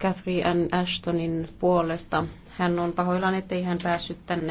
Catherine Ashtonin puolesta. Hän on pahoillaan, ettei hän päässyt tänne